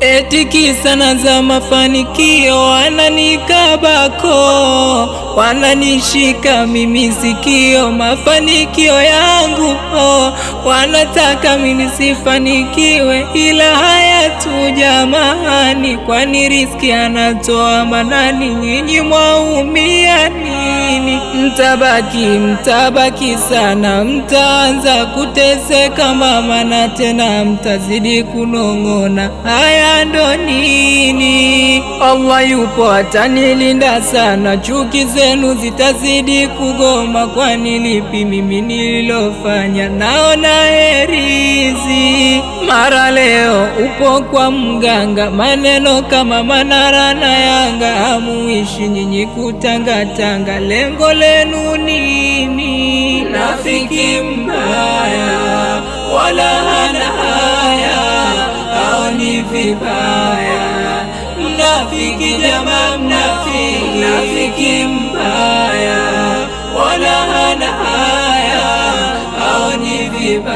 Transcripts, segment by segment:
Etiki sana za mafanikio wananikabako, wananishika mimi sikio, mafanikio yangu oh, wanataka mimi sifanikiwe, ila haya tu jamani, kwani riski anatoa manani, nyinyi mwaumiani maskini, mtabaki mtabaki sana, mtaanza kuteseka mama, na tena mtazidi kunong'ona. Haya ndo nini? Allah yupo atanilinda sana, chuki zenu zitazidi kugoma, kwani lipi mimi nililofanya? Naona herizi mara leo upo kwa mganga, maneno kama Manara na Yanga, hamuishi nyinyi kutangatanga, lengo lenu nini? Rafiki mbaya wala hana haya, hao ni vibaya. Mnafiki jamaa, mnafiki, mnafiki mbaya wala hana haya, hao ni vibaya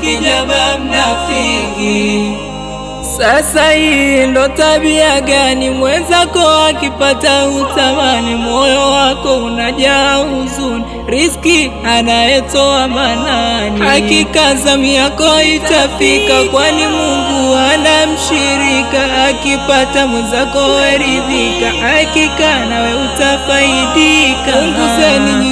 kijaba mnafiki. Sasa hii ndo tabia gani? Mwenzako akipata utamani, moyo wako unajaa huzuni. riski anayetoa manani, hakika zamu yako itafika, kwani Mungu anamshirika mshirika. Akipata mwenzako waridhika hakika nawe utafaidika. Unguzeni